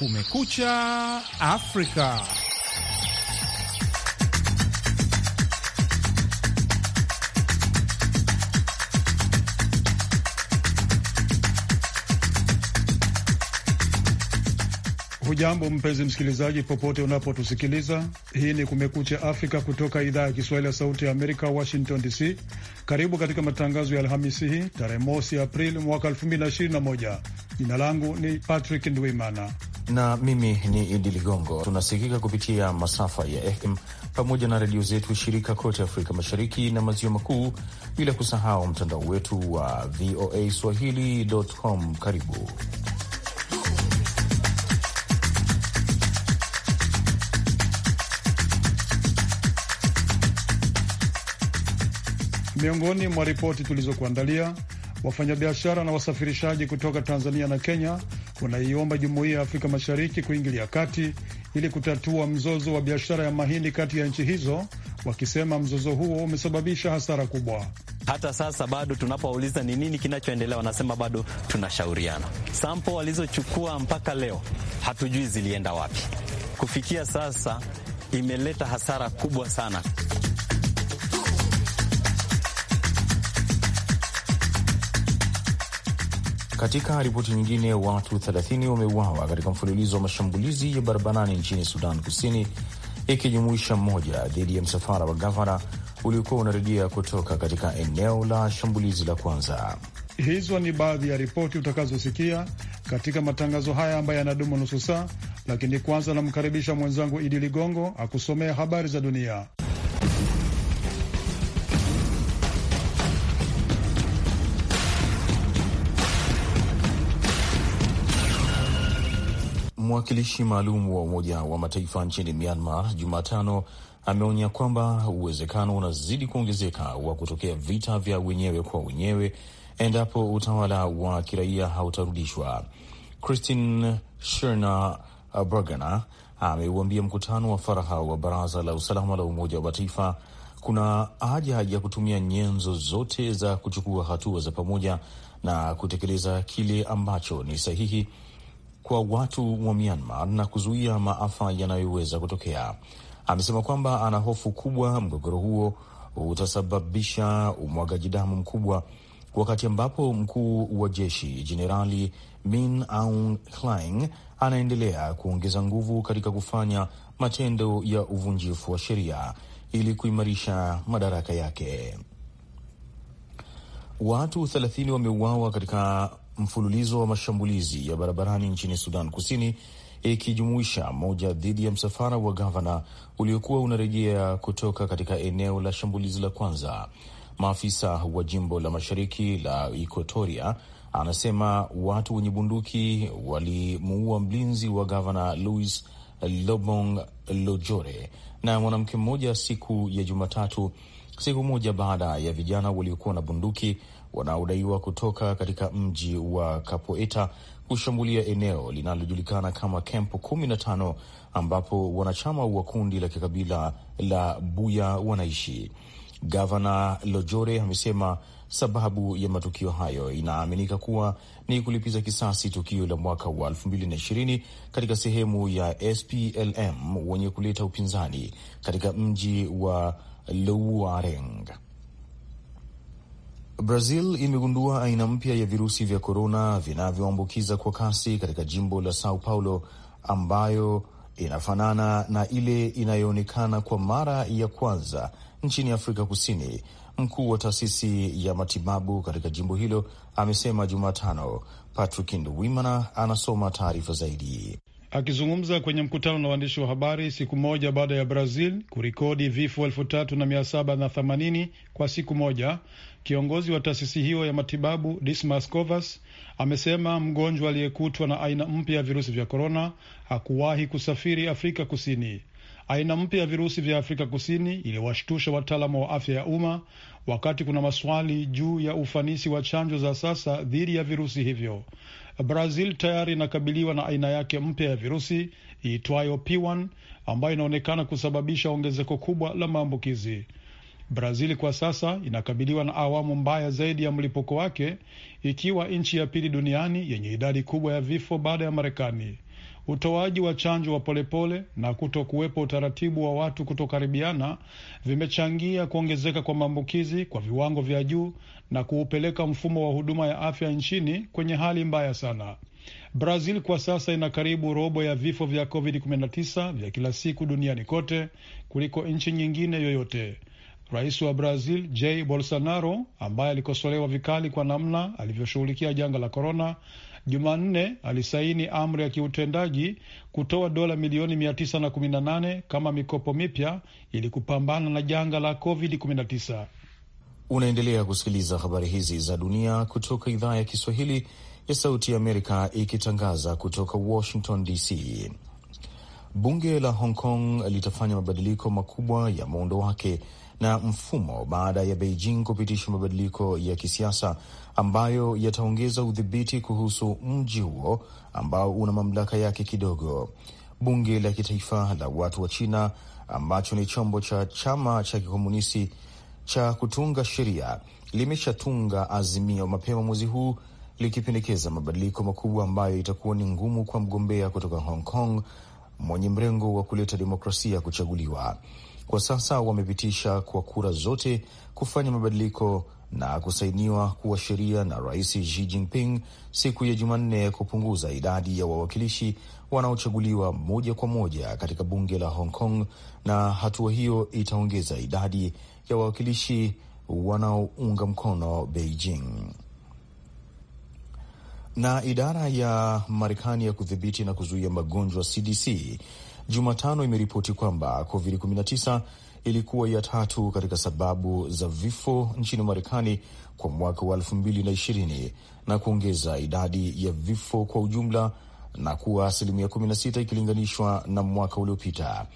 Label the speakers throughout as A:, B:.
A: Kumekucha Afrika.
B: Hujambo mpenzi msikilizaji, popote unapotusikiliza. Hii ni Kumekucha Afrika kutoka idhaa ya Kiswahili ya Sauti ya Amerika, Washington DC. Karibu katika matangazo ya Alhamisi hii tarehe mosi Aprili mwaka 2021. Jina langu ni Patrick Ndwimana
C: na mimi ni Idi Ligongo. Tunasikika kupitia masafa ya FM pamoja na redio zetu shirika kote Afrika Mashariki na Maziwa Makuu, bila kusahau mtandao wetu wa VOA Swahili.com. Karibu
B: miongoni mwa ripoti tulizokuandalia, wafanyabiashara na wasafirishaji kutoka Tanzania na Kenya unaiomba Jumuiya ya Afrika Mashariki kuingilia kati ili kutatua mzozo wa biashara ya mahindi kati ya nchi hizo, wakisema mzozo huo umesababisha hasara kubwa.
C: Hata sasa bado tunapowauliza ni nini kinachoendelea, wanasema bado tunashauriana. Sampo walizochukua mpaka leo
D: hatujui zilienda wapi. Kufikia sasa imeleta hasara kubwa sana.
C: Katika ripoti nyingine, watu 30 wameuawa katika mfululizo wa mashambulizi ya barabarani nchini Sudan Kusini, ikijumuisha mmoja dhidi ya msafara wa gavana uliokuwa unarudia kutoka katika eneo la shambulizi la kwanza.
B: Hizo ni baadhi ya ripoti utakazosikia katika matangazo haya ambayo yanadumu nusu saa, lakini kwanza namkaribisha mwenzangu Idi Ligongo akusomea habari za dunia.
C: Mwakilishi maalum wa Umoja wa Mataifa nchini Myanmar Jumatano ameonya kwamba uwezekano unazidi kuongezeka wa kutokea vita vya wenyewe kwa wenyewe endapo utawala wa kiraia hautarudishwa. Christine sherna Burgener ameuambia mkutano wa faraha wa Baraza la Usalama la Umoja wa Mataifa kuna haja ya kutumia nyenzo zote za kuchukua hatua za pamoja na kutekeleza kile ambacho ni sahihi kwa watu wa Myanmar na kuzuia maafa yanayoweza kutokea. Amesema kwamba ana hofu kubwa mgogoro huo utasababisha umwagaji damu mkubwa, wakati ambapo mkuu wa jeshi Jenerali Min Aung Hlaing anaendelea kuongeza nguvu katika kufanya matendo ya uvunjifu wa sheria ili kuimarisha madaraka yake. Watu 3 wameuawa katika mfululizo wa mashambulizi ya barabarani nchini Sudan Kusini, ikijumuisha moja dhidi ya msafara wa gavana uliokuwa unarejea kutoka katika eneo la shambulizi la kwanza. Maafisa wa jimbo la mashariki la Ikotoria anasema watu wenye bunduki walimuua mlinzi wa gavana Louis Lobong Lojore na mwanamke mmoja siku ya Jumatatu, siku moja baada ya vijana waliokuwa na bunduki wanaodaiwa kutoka katika mji wa kapoeta kushambulia eneo linalojulikana kama Kemp 15 ambapo wanachama wa kundi la kikabila la Buya wanaishi. Gavana Lojore amesema sababu ya matukio hayo inaaminika kuwa ni kulipiza kisasi tukio la mwaka wa 2020 katika sehemu ya SPLM wenye kuleta upinzani katika mji wa Louareng. Brazil imegundua aina mpya ya virusi vya korona vinavyoambukiza kwa kasi katika jimbo la Sao Paulo ambayo inafanana na ile inayoonekana kwa mara ya kwanza nchini Afrika Kusini. Mkuu wa taasisi ya matibabu katika jimbo hilo amesema Jumatano. Patrick Nduwimana anasoma taarifa zaidi.
B: Akizungumza kwenye mkutano na waandishi wa habari siku moja baada ya Brazil kurikodi vifo elfu tatu na mia saba na themanini kwa siku moja, Kiongozi wa taasisi hiyo ya matibabu Dismas Covas amesema mgonjwa aliyekutwa na aina mpya ya virusi vya korona hakuwahi kusafiri Afrika Kusini. Aina mpya ya virusi vya Afrika Kusini iliwashtusha wataalamu wa afya ya umma, wakati kuna maswali juu ya ufanisi wa chanjo za sasa dhidi ya virusi hivyo. Brazil tayari inakabiliwa na aina yake mpya ya virusi iitwayo P1 ambayo inaonekana kusababisha ongezeko kubwa la maambukizi. Brazil kwa sasa inakabiliwa na awamu mbaya zaidi ya mlipuko wake, ikiwa nchi ya pili duniani yenye idadi kubwa ya vifo baada ya Marekani. Utoaji wa chanjo wa polepole na kuto kuwepo utaratibu wa watu kutokaribiana vimechangia kuongezeka kwa maambukizi kwa viwango vya juu na kuupeleka mfumo wa huduma ya afya nchini kwenye hali mbaya sana. Brazil kwa sasa ina karibu robo ya vifo vya COVID-19 vya kila siku duniani kote kuliko nchi nyingine yoyote. Rais wa Brazil Jair Bolsonaro, ambaye alikosolewa vikali kwa namna alivyoshughulikia janga la korona, Jumanne alisaini amri ya kiutendaji kutoa dola milioni 918 kama mikopo mipya ili kupambana na janga la COVID-19.
C: Unaendelea kusikiliza habari hizi za dunia kutoka idhaa ya Kiswahili ya Sauti ya Amerika ikitangaza kutoka Washington DC. Bunge la Hong Kong litafanya mabadiliko makubwa ya muundo wake na mfumo baada ya Beijing kupitisha mabadiliko ya kisiasa ambayo yataongeza udhibiti kuhusu mji huo ambao una mamlaka yake kidogo. Bunge la Kitaifa la Watu wa China ambacho ni chombo cha chama cha kikomunisti cha kutunga sheria limeshatunga azimio mapema mwezi huu likipendekeza mabadiliko makubwa ambayo itakuwa ni ngumu kwa mgombea kutoka Hong Kong mwenye mrengo wa kuleta demokrasia kuchaguliwa kwa sasa wamepitisha kwa kura zote kufanya mabadiliko na kusainiwa kuwa sheria na Rais Xi Jinping siku ya Jumanne kupunguza idadi ya wawakilishi wanaochaguliwa moja kwa moja katika bunge la Hong Kong, na hatua hiyo itaongeza idadi ya wawakilishi wanaounga mkono Beijing. Na idara ya Marekani ya kudhibiti na kuzuia magonjwa CDC Jumatano imeripoti kwamba COVID-19 ilikuwa ya tatu katika sababu za vifo nchini Marekani kwa mwaka wa 2020 na kuongeza idadi ya vifo kwa ujumla na kuwa asilimia 16 ikilinganishwa na mwaka uliopita.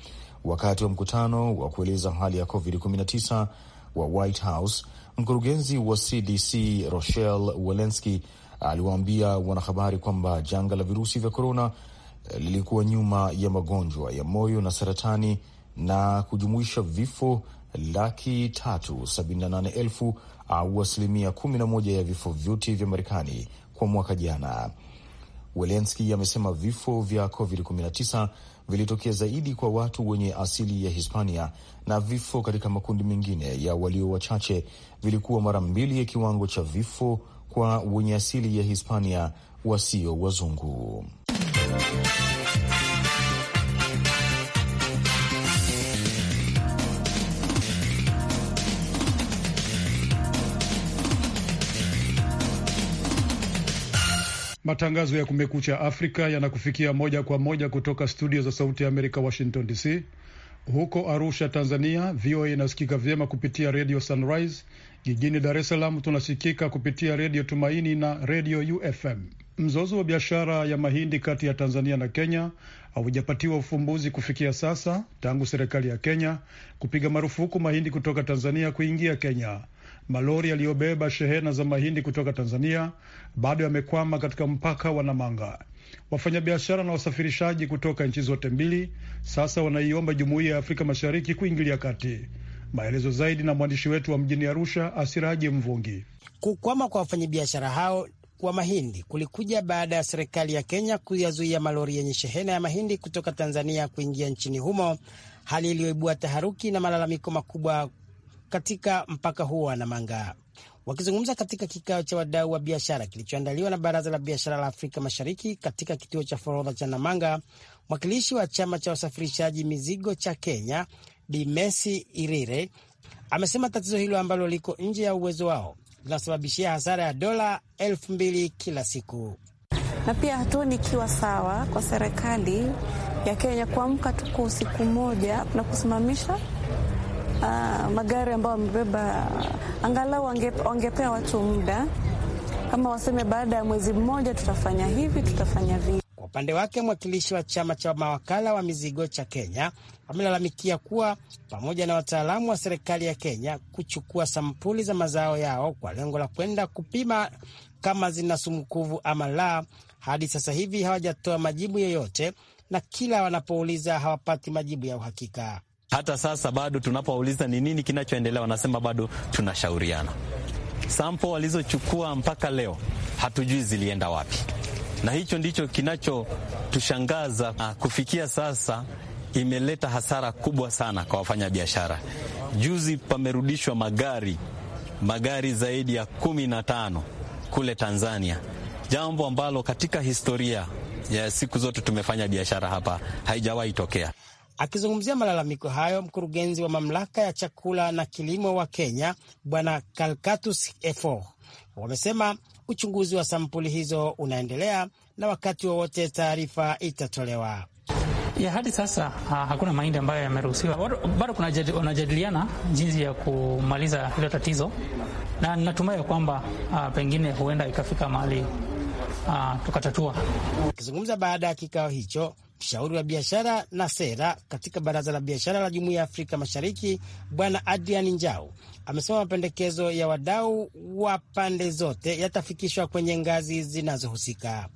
C: Wakati wa mkutano wa kueleza hali ya COVID-19 wa White House, mkurugenzi wa CDC Rochelle Walensky aliwaambia wanahabari kwamba janga la virusi vya korona lilikuwa nyuma ya magonjwa ya moyo na saratani na kujumuisha vifo laki tatu sabini na nane elfu au asilimia kumi na moja ya vifo vyote vya Marekani kwa mwaka jana. Welenski amesema vifo vya COVID-19 vilitokea zaidi kwa watu wenye asili ya Hispania na vifo katika makundi mengine ya walio wachache vilikuwa mara mbili ya kiwango cha vifo kwa wenye asili ya Hispania wasio wazungu.
B: Matangazo ya Kumekucha Afrika yanakufikia moja kwa moja kutoka studio za Sauti ya Amerika, Washington DC. Huko Arusha, Tanzania, VOA inasikika vyema kupitia redio Sunrise. Jijini Dar es Salaam tunasikika kupitia redio Tumaini na redio UFM. Mzozo wa biashara ya mahindi kati ya Tanzania na Kenya haujapatiwa ufumbuzi kufikia sasa tangu serikali ya Kenya kupiga marufuku mahindi kutoka Tanzania kuingia Kenya. Malori yaliyobeba shehena za mahindi kutoka Tanzania bado yamekwama katika mpaka wa Namanga. Wafanyabiashara na wasafirishaji kutoka nchi zote mbili sasa wanaiomba Jumuiya ya Afrika Mashariki kuingilia kati. Maelezo zaidi na mwandishi wetu wa mjini Arusha, Asiraji Mvungi. Kukwama kwa
D: wafanyabiashara hao wa mahindi kulikuja baada ya serikali ya Kenya kuyazuia malori yenye shehena ya mahindi kutoka Tanzania kuingia nchini humo, hali iliyoibua taharuki na malalamiko makubwa katika mpaka huo wa Namanga. Wakizungumza katika kikao cha wadau wa biashara kilichoandaliwa na Baraza la Biashara la Afrika Mashariki katika kituo cha forodha cha Namanga, mwakilishi wa chama cha wasafirishaji mizigo cha Kenya Bi Irire amesema tatizo hilo ambalo liko nje ya uwezo wao vinasababishia hasara ya dola elfu mbili kila siku. Na pia hatuoni ikiwa sawa kwa serikali ya Kenya kuamka tu kwa usiku moja na kusimamisha uh, magari ambayo wamebeba. Angalau wangepewa watu muda, kama waseme baada ya mwezi mmoja tutafanya hivi, tutafanya vile. Kwa upande wake mwakilishi wa chama cha mawakala wa mizigo cha Kenya amelalamikia kuwa pamoja na wataalamu wa serikali ya Kenya kuchukua sampuli za mazao yao kwa lengo la kwenda kupima kama zina sumukuvu ama la, hadi sasa hivi hawajatoa majibu yoyote, na kila wanapouliza hawapati majibu ya uhakika.
C: Hata sasa bado tunapouliza
D: ni nini kinachoendelea, wanasema bado tunashauriana. Sampo walizochukua mpaka leo hatujui zilienda wapi na hicho ndicho kinachotushangaza kufikia sasa imeleta hasara kubwa sana kwa wafanyabiashara. Juzi pamerudishwa magari magari zaidi ya kumi na tano kule Tanzania, jambo ambalo katika historia ya siku zote tumefanya
C: biashara hapa haijawahi tokea.
D: Akizungumzia malalamiko hayo, mkurugenzi wa mamlaka ya chakula na kilimo wa Kenya Bwana Kalkatus Efo Wamesema uchunguzi wa sampuli hizo unaendelea na wakati wowote taarifa itatolewa. Ya hadi sasa ha, hakuna mahindi ambayo yameruhusiwa. Bado wanajadiliana jinsi ya kumaliza hilo tatizo, na natumai kwamba pengine huenda ikafika mahali tukatatua. Akizungumza baada ya kikao hicho, Mshauri wa biashara na sera katika Baraza la Biashara la Jumuiya ya Afrika Mashariki, Bwana Adrian Njau amesema mapendekezo ya wadau wa pande zote yatafikishwa kwenye ngazi zinazohusika.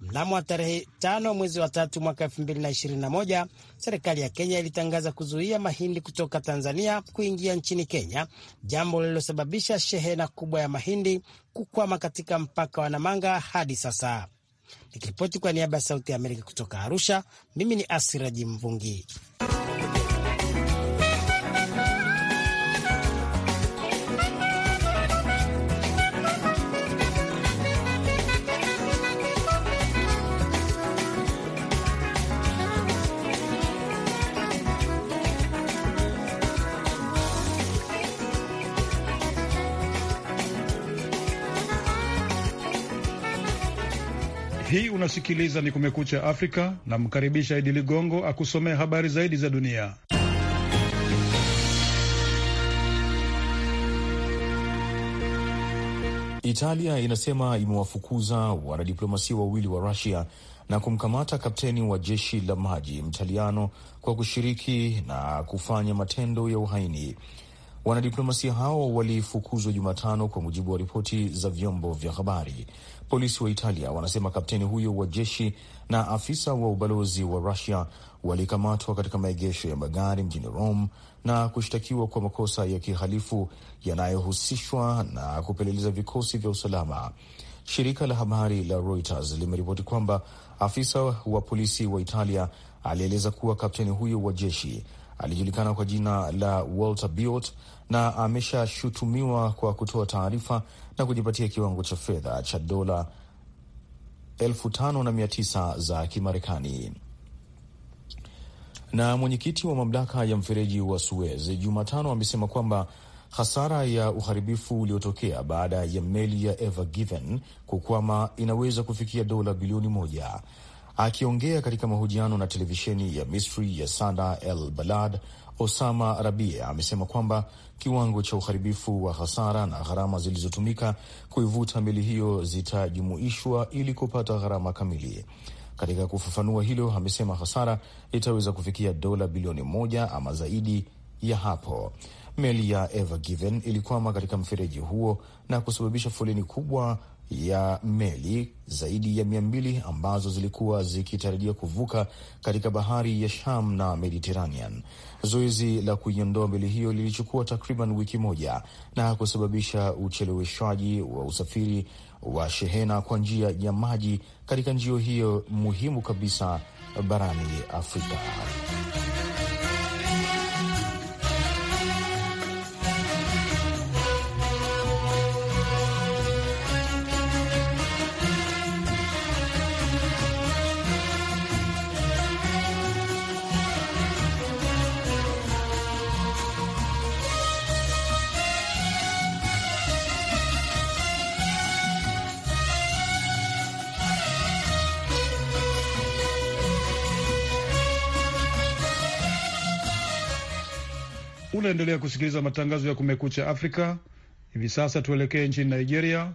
D: Mnamo wa tarehe tano mwezi wa tatu mwaka elfu mbili na ishirini na moja serikali ya Kenya ilitangaza kuzuia mahindi kutoka Tanzania kuingia nchini Kenya, jambo lililosababisha shehena kubwa ya mahindi kukwama katika mpaka wa Namanga hadi sasa. Nikiripoti kwa niaba ya Sauti ya Amerika kutoka Arusha, mimi ni Asiraji Mvungi.
B: Hii unasikiliza ni Kumekucha Afrika, namkaribisha Idi Ligongo akusomea habari zaidi za dunia. Italia
C: inasema imewafukuza wanadiplomasia wawili wa Rusia na kumkamata kapteni wa jeshi la maji Mtaliano kwa kushiriki na kufanya matendo ya uhaini. Wanadiplomasia hao walifukuzwa Jumatano kwa mujibu wa ripoti za vyombo vya habari. Polisi wa Italia wanasema kapteni huyo wa jeshi na afisa wa ubalozi wa Rusia walikamatwa katika maegesho ya magari mjini Rome na kushtakiwa kwa makosa ya kihalifu yanayohusishwa na kupeleleza vikosi vya usalama. Shirika la habari la Reuters limeripoti kwamba afisa wa polisi wa Italia alieleza kuwa kapteni huyo wa jeshi alijulikana kwa jina la Walter Biot na ameshashutumiwa kwa kutoa taarifa na kujipatia kiwango cha fedha cha dola elfu tano na mia tisa za Kimarekani. Na mwenyekiti wa mamlaka ya mfereji wa Suez Jumatano amesema kwamba hasara ya uharibifu uliotokea baada ya meli ya Ever Given kukwama inaweza kufikia dola bilioni moja. Akiongea katika mahojiano na televisheni ya Misri ya Sada El Balad, Osama Rabie amesema kwamba kiwango cha uharibifu wa hasara na gharama zilizotumika kuivuta meli hiyo zitajumuishwa ili kupata gharama kamili. Katika kufafanua hilo, amesema hasara itaweza kufikia dola bilioni moja ama zaidi ya hapo. Meli ya Ever Given ilikwama katika mfereji huo na kusababisha foleni kubwa ya meli zaidi ya mia mbili ambazo zilikuwa zikitarajia kuvuka katika bahari ya Sham na Mediterranean. Zoezi la kuiondoa meli hiyo lilichukua takriban wiki moja na kusababisha ucheleweshwaji wa usafiri wa shehena kwa njia ya maji katika njio hiyo muhimu kabisa barani Afrika.
B: Unaendelea kusikiliza matangazo ya Kumekucha Afrika. Hivi sasa tuelekee nchini Nigeria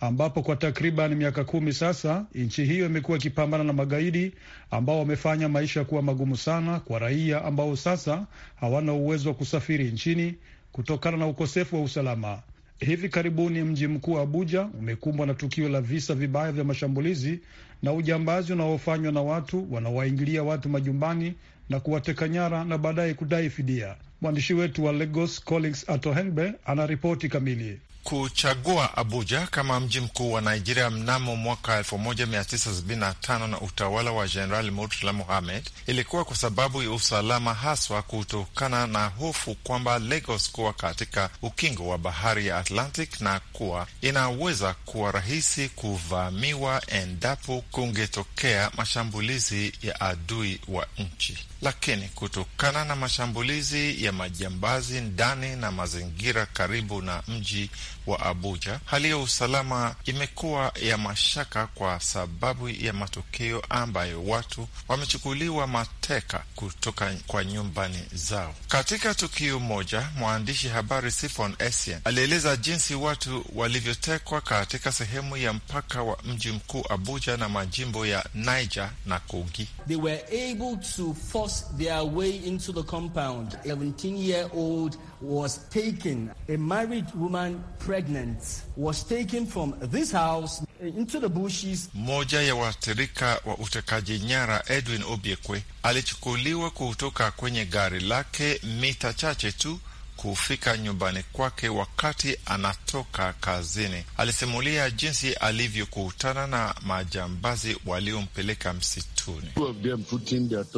B: ambapo kwa takriban miaka kumi sasa nchi hiyo imekuwa ikipambana na magaidi ambao wamefanya maisha kuwa magumu sana kwa raia ambao sasa hawana uwezo wa kusafiri nchini kutokana na ukosefu wa usalama. Hivi karibuni mji mkuu wa Abuja umekumbwa na tukio la visa vibaya vya mashambulizi na ujambazi unaofanywa na watu wanaowaingilia watu majumbani na kuwateka nyara na baadaye kudai fidia. Mwandishi wetu wa Lagos Collins Atohengbe anaripoti kamili.
A: Kuchagua Abuja kama mji mkuu wa Nigeria mnamo mwaka 1975 na utawala wa Jenerali Murtala Mohammed ilikuwa kwa sababu ya usalama, haswa kutokana na hofu kwamba Lagos kuwa katika ukingo wa bahari ya Atlantic na kuwa inaweza kuwa rahisi kuvamiwa endapo kungetokea mashambulizi ya adui wa nchi lakini kutokana na mashambulizi ya majambazi ndani na mazingira karibu na mji wa Abuja, hali ya usalama imekuwa ya mashaka kwa sababu ya matokeo ambayo watu wamechukuliwa mateka kutoka kwa nyumbani zao. Katika tukio moja, mwandishi habari Sifon Essien alieleza jinsi watu walivyotekwa katika sehemu ya mpaka wa mji mkuu Abuja na majimbo ya Niger na Kogi.
D: They were able to force their way into the compound. 17 year old was taken. A married woman pre pregnant was taken from this
C: house into the bushes.
A: Mmoja ya waathirika wa utekaji nyara Edwin Obiekwe alichukuliwa kutoka kwenye gari lake mita chache tu kufika nyumbani kwake wakati anatoka kazini. Alisimulia jinsi alivyokutana na majambazi waliompeleka msituni. Oh uh,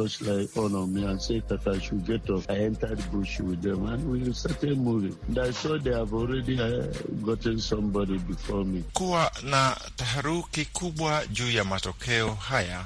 A: Kuwa na taharuki kubwa juu ya matokeo haya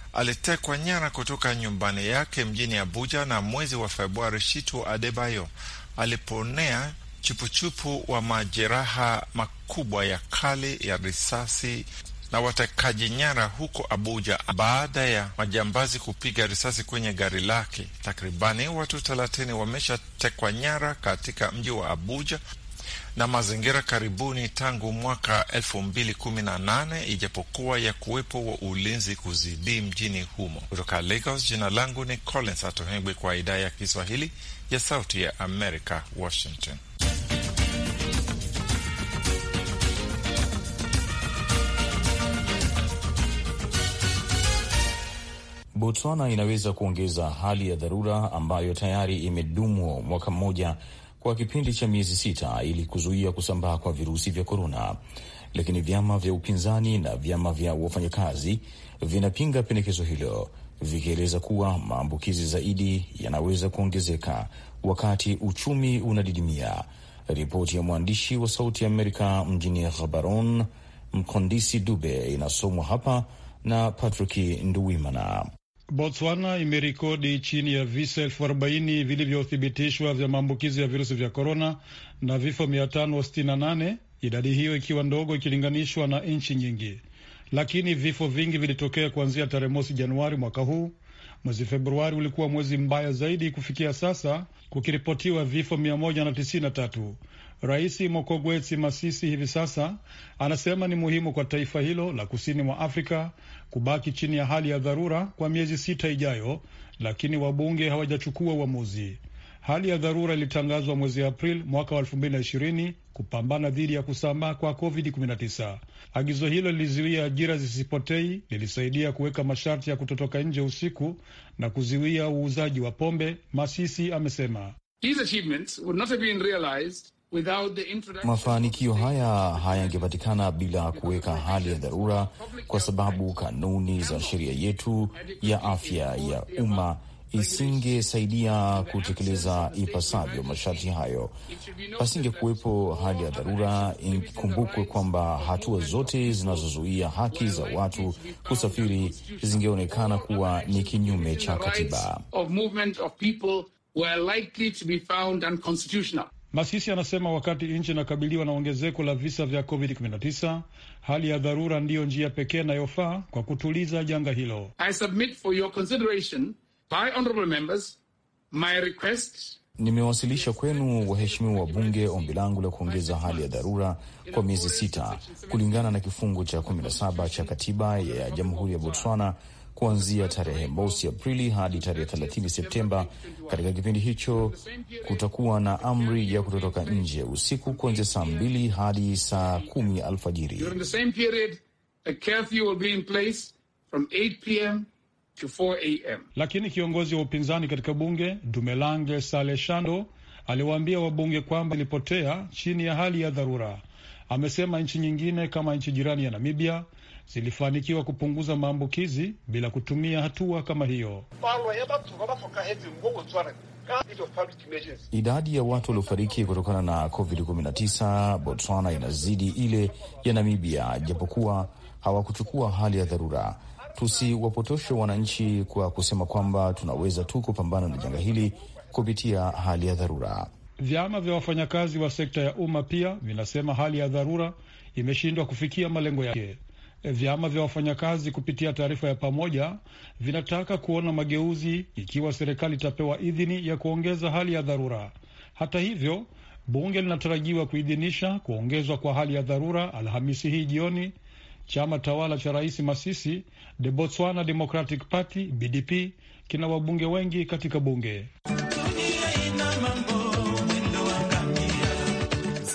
A: alitekwa nyara kutoka nyumbani yake mjini Abuja na mwezi wa Februari, Shitu Adebayo aliponea chupuchupu wa majeraha makubwa ya kali ya risasi na watekaji nyara huko Abuja baada ya majambazi kupiga risasi kwenye gari lake. Takribani watu thelathini wameshatekwa nyara katika mji wa Abuja na mazingira karibuni tangu mwaka 218 ijapokuwa ya kuwepo wa ulinzi kuzidi mjini humo. Kutoka Lagos, jina langu ni Collins Atohengwi kwa idhaa ya Kiswahili ya Sauti ya america Washington.
C: Botswana inaweza kuongeza hali ya dharura ambayo tayari imedumu mwaka mmoja kwa kipindi cha miezi sita ili kuzuia kusambaa kwa virusi vya korona, lakini vyama vya upinzani na vyama vya wafanyakazi vinapinga pendekezo hilo vikieleza kuwa maambukizi zaidi yanaweza kuongezeka wakati uchumi unadidimia. Ripoti ya mwandishi wa Sauti ya Amerika mjini Ghabaron, Mkondisi Dube, inasomwa hapa na Patrick Nduwimana.
B: Botswana imerekodi chini ya visa elfu arobaini vilivyothibitishwa vya maambukizi ya virusi vya korona na vifo 568, idadi hiyo ikiwa ndogo ikilinganishwa na nchi nyingi, lakini vifo vingi vilitokea kuanzia tarehe mosi Januari mwaka huu. Mwezi Februari ulikuwa mwezi mbaya zaidi kufikia sasa, kukiripotiwa vifo 193. Rais Mokogwesi Masisi hivi sasa anasema ni muhimu kwa taifa hilo la kusini mwa Afrika kubaki chini ya hali ya dharura kwa miezi sita ijayo, lakini wabunge hawajachukua uamuzi. Hali ya dharura ilitangazwa mwezi Aprili mwaka wa 2020 kupambana dhidi ya kusambaa kwa COVID-19. Agizo hilo lilizuia ajira zisipotei, lilisaidia kuweka masharti ya kutotoka nje usiku na kuzuia uuzaji wa pombe, Masisi amesema. These achievements would not have been realized Mafanikio haya hayangepatikana bila
C: kuweka hali ya dharura, kwa sababu kanuni za sheria yetu ya afya ya umma isingesaidia kutekeleza ipasavyo masharti hayo. Pasingekuwepo hali ya dharura, ikumbukwe kwamba hatua zote zinazozuia haki za watu kusafiri zingeonekana kuwa ni kinyume cha katiba.
B: Masisi anasema wakati nchi inakabiliwa na ongezeko la visa vya COVID-19, hali ya dharura ndiyo njia pekee inayofaa kwa kutuliza janga hilo. I submit for your consideration by honorable members my request
C: Nimewasilisha kwenu waheshimiwa bunge ombi langu la kuongeza hali ya dharura kwa miezi sita kulingana na kifungu cha 17 cha katiba ya Jamhuri ya Botswana kuanzia tarehe mosi Aprili hadi tarehe 30 Septemba. Katika kipindi hicho kutakuwa na amri ya kutotoka nje usiku kuanzia saa mbili hadi saa kumi alfajiri.
B: Lakini kiongozi wa upinzani katika bunge Dumelange Saleshando aliwaambia wabunge kwamba ilipotea chini ya hali ya dharura. Amesema nchi nyingine kama nchi jirani ya Namibia zilifanikiwa kupunguza maambukizi bila kutumia hatua kama hiyo. Idadi ya watu
C: waliofariki kutokana na COVID-19 Botswana inazidi ile ya Namibia, japokuwa hawakuchukua hali ya dharura. Tusiwapotoshe wananchi kwa kusema kwamba tunaweza tu kupambana na janga hili kupitia hali ya dharura.
B: Vyama vya wafanyakazi wa sekta ya umma pia vinasema hali ya dharura imeshindwa kufikia malengo yake. Vyama vya wafanyakazi kupitia taarifa ya pamoja vinataka kuona mageuzi ikiwa serikali itapewa idhini ya kuongeza hali ya dharura. Hata hivyo, bunge linatarajiwa kuidhinisha kuongezwa kwa hali ya dharura Alhamisi hii jioni. Chama tawala cha Rais Masisi, The Botswana Democratic Party, BDP, kina wabunge wengi katika bunge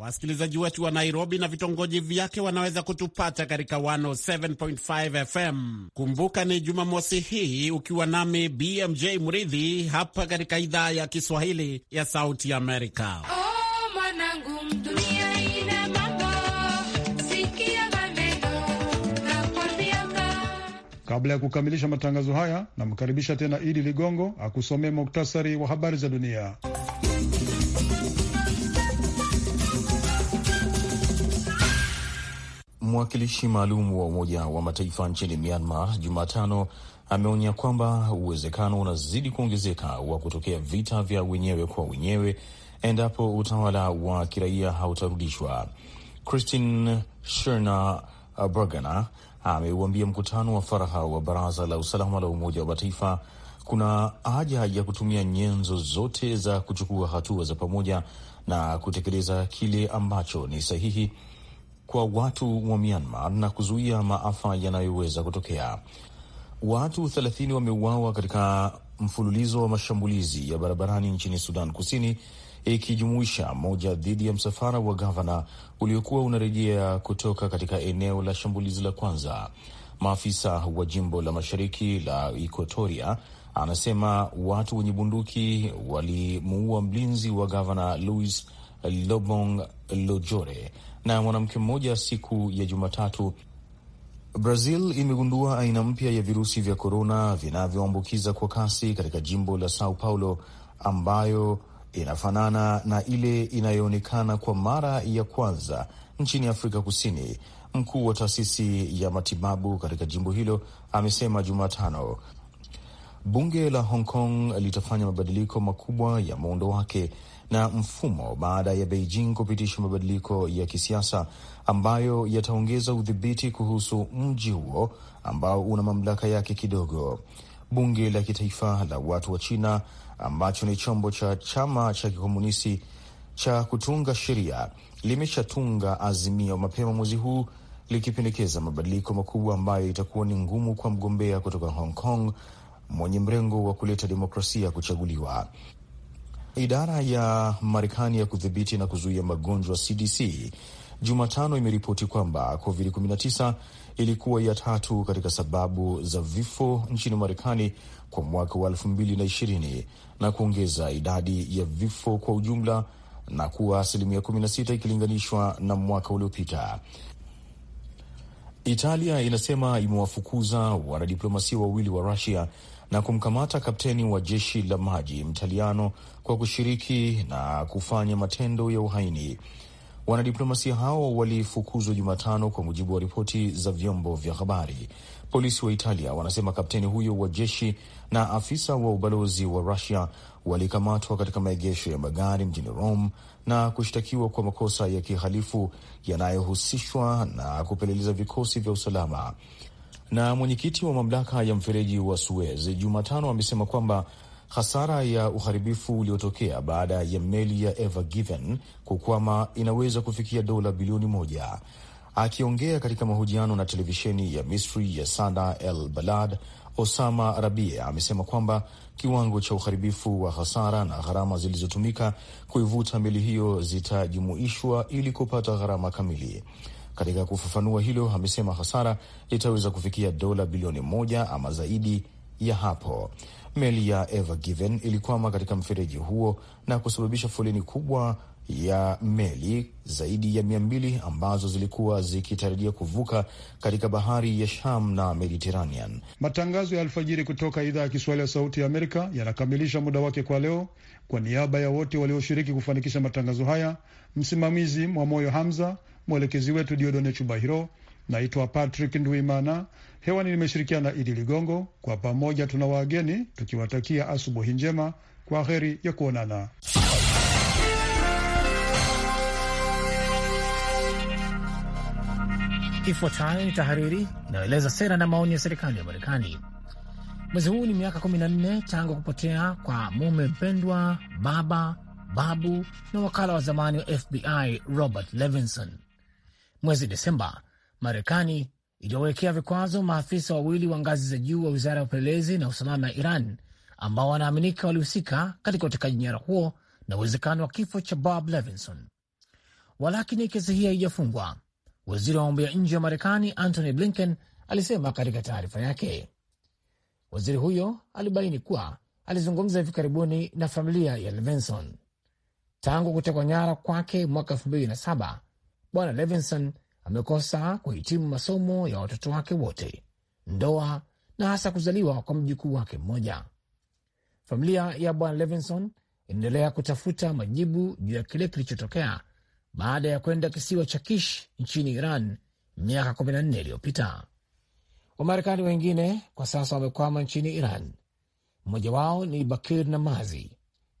D: Wasikilizaji wetu wa Nairobi na vitongoji vyake wanaweza kutupata katika 107.5 FM. Kumbuka ni Jumamosi hii ukiwa nami BMJ Mridhi hapa katika idhaa ya Kiswahili ya Sauti Amerika. Oh,
B: Kabla ya kukamilisha matangazo haya, namkaribisha tena Idi Ligongo akusomee muktasari wa habari za dunia.
C: Mwakilishi maalum wa Umoja wa Mataifa nchini Myanmar Jumatano ameonya kwamba uwezekano unazidi kuongezeka wa kutokea vita vya wenyewe kwa wenyewe endapo utawala wa kiraia hautarudishwa. Christine sherna Burgener ameuambia mkutano wa faraha wa Baraza la Usalama la Umoja wa Mataifa kuna haja ya kutumia nyenzo zote za kuchukua hatua za pamoja na kutekeleza kile ambacho ni sahihi kwa watu wa Myanmar na kuzuia maafa yanayoweza kutokea. Watu 30 wameuawa katika mfululizo wa mashambulizi ya barabarani nchini Sudan Kusini, ikijumuisha moja dhidi ya msafara wa gavana uliokuwa unarejea kutoka katika eneo la shambulizi la kwanza. Maafisa wa jimbo la mashariki la Ikotoria anasema watu wenye bunduki walimuua mlinzi wa gavana Louis Lobong Lojore na mwanamke mmoja siku ya Jumatatu. Brazil imegundua aina mpya ya virusi vya korona vinavyoambukiza kwa kasi katika jimbo la Sao Paulo, ambayo inafanana na ile inayoonekana kwa mara ya kwanza nchini Afrika Kusini. Mkuu wa taasisi ya matibabu katika jimbo hilo amesema Jumatano. Bunge la Hong Kong litafanya mabadiliko makubwa ya muundo wake na mfumo baada ya Beijing kupitisha mabadiliko ya kisiasa ambayo yataongeza udhibiti kuhusu mji huo ambao una mamlaka yake kidogo. Bunge la Kitaifa la Watu wa China ambacho ni chombo cha chama cha kikomunisti cha kutunga sheria limeshatunga azimio mapema mwezi huu likipendekeza mabadiliko makubwa ambayo itakuwa ni ngumu kwa mgombea kutoka Hong Kong mwenye mrengo wa kuleta demokrasia kuchaguliwa. Idara ya Marekani ya kudhibiti na kuzuia magonjwa CDC Jumatano imeripoti kwamba COVID-19 ilikuwa ya tatu katika sababu za vifo nchini Marekani kwa mwaka wa 2020 na kuongeza idadi ya vifo kwa ujumla na kuwa asilimia 16 ikilinganishwa na mwaka uliopita. Italia inasema imewafukuza wanadiplomasia wawili wa Rusia na kumkamata kapteni wa jeshi la maji Mtaliano kwa kushiriki na kufanya matendo ya uhaini. Wanadiplomasia hao walifukuzwa Jumatano kwa mujibu wa ripoti za vyombo vya habari. Polisi wa Italia wanasema kapteni huyo wa jeshi na afisa wa ubalozi wa Rusia walikamatwa katika maegesho ya magari mjini Rome na kushtakiwa kwa makosa ya kihalifu yanayohusishwa na kupeleleza vikosi vya usalama. Na mwenyekiti wa mamlaka ya mfereji wa Suez Jumatano amesema kwamba Hasara ya uharibifu uliotokea baada ya meli ya Ever Given kukwama inaweza kufikia dola bilioni moja. Akiongea katika mahojiano na televisheni ya Misri ya sana El Balad, Osama Rabie amesema kwamba kiwango cha uharibifu wa hasara na gharama zilizotumika kuivuta meli hiyo zitajumuishwa ili kupata gharama kamili. Katika kufafanua hilo, amesema hasara itaweza kufikia dola bilioni moja ama zaidi ya hapo. Meli ya Ever Given ilikwama katika mfereji huo na kusababisha foleni kubwa ya meli zaidi ya mia mbili ambazo zilikuwa zikitarajia kuvuka katika bahari ya Sham na Mediterranean.
B: Matangazo ya alfajiri kutoka idhaa ya Kiswahili ya Sauti ya Amerika yanakamilisha muda wake kwa leo. Kwa niaba ya wote walioshiriki kufanikisha matangazo haya, msimamizi Mwamoyo Hamza, mwelekezi wetu Diodone Chubahiro. Naitwa Patrick Ndwimana. Hewani nimeshirikiana na Idi Ligongo. Kwa pamoja tuna wageni tukiwatakia asubuhi njema. Kwa heri ya kuonana. Ifuatayo ni tahariri inayoeleza
E: sera na maoni ya serikali ya Marekani. Mwezi huu ni miaka 14 tangu kupotea kwa mume mpendwa, baba, babu na wakala wa zamani wa FBI Robert Levinson. Mwezi Desemba Marekani iliyowekea vikwazo maafisa wawili wa ngazi za juu wa wizara ya upelelezi na usalama ya Iran ambao wanaaminika walihusika katika utekaji nyara huo na uwezekano wa kifo cha Bob Levinson. Walakini kesi hii haijafungwa. Waziri wa mambo ya nje wa Marekani Antony Blinken alisema katika taarifa yake. Waziri huyo alibaini kuwa alizungumza hivi karibuni na familia ya Levinson tangu kutekwa nyara kwake mwaka elfu mbili na saba. Bwana Levinson amekosa kuhitimu masomo ya watoto wake wote, ndoa na hasa kuzaliwa kwa mjukuu wake mmoja. Familia ya bwana Levinson inaendelea kutafuta majibu juu ya kile kilichotokea baada ya kwenda kisiwa cha Kish nchini Iran miaka 14 iliyopita. Wamarekani wengine kwa sasa wamekwama nchini Iran. Mmoja wao ni Bakir Namazi.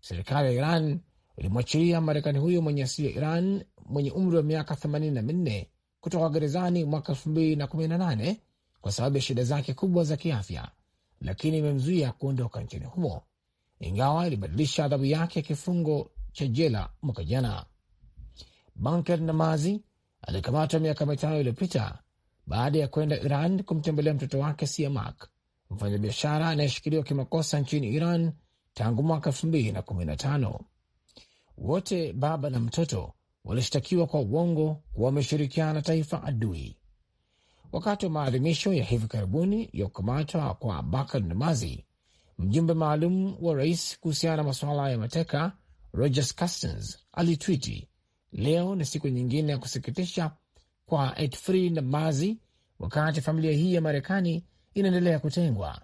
E: Serikali ya Iran ilimwachilia Marekani huyo mwenye asili ya Iran mwenye umri wa miaka na minne kutoka gerezani mwaka 2018 kwa sababu ya shida zake kubwa za kiafya, lakini imemzuia kuondoka nchini humo, ingawa ilibadilisha adhabu yake ya kifungo cha jela mwaka jana. Banker Namazi alikamatwa miaka mitano iliyopita baada ya kwenda Iran kumtembelea mtoto wake Siamak, mfanyabiashara anayeshikiliwa kimakosa nchini Iran tangu mwaka tano. Wote baba na mtoto walishtakiwa kwa uongo kuwa wameshirikiana na taifa adui. Wakati wa maadhimisho ya hivi karibuni ya kukamatwa kwa Bakar Namazi, mjumbe maalum wa rais kuhusiana na masuala ya mateka Rogers Carstens alitwiti, leo ni siku nyingine ya kusikitisha kwa Godfrey Namazi, wakati familia hii ya Marekani inaendelea kutengwa.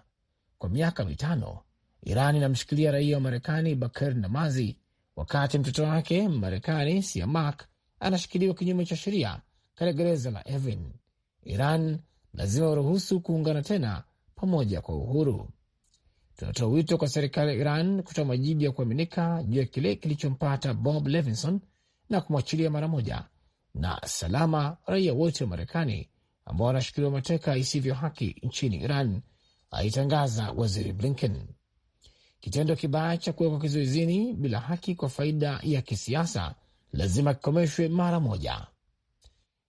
E: Kwa miaka mitano, Iran inamshikilia raia wa Marekani Bakar Namazi wakati mtoto wake Marekani Siamak anashikiliwa kinyume cha sheria katika gereza la Evin. Iran lazima waruhusu kuungana tena pamoja kwa uhuru. Tunatoa wito kwa serikali ya Iran kutoa majibu ya kuaminika juu ya kile kilichompata Bob Levinson na kumwachilia mara moja na salama raia wote wa Marekani ambao wanashikiliwa mateka isivyo haki nchini Iran, alitangaza Waziri Blinken. Kitendo kibaya cha kuwekwa kizuizini bila haki kwa faida ya kisiasa lazima kikomeshwe mara moja.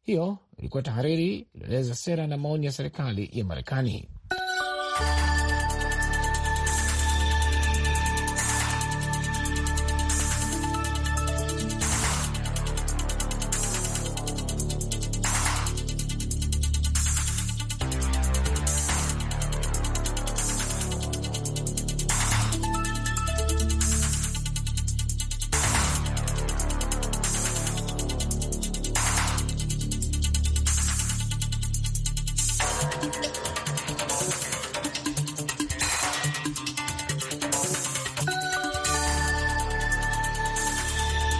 E: Hiyo ilikuwa tahariri iliyoeleza sera na maoni ya serikali ya Marekani.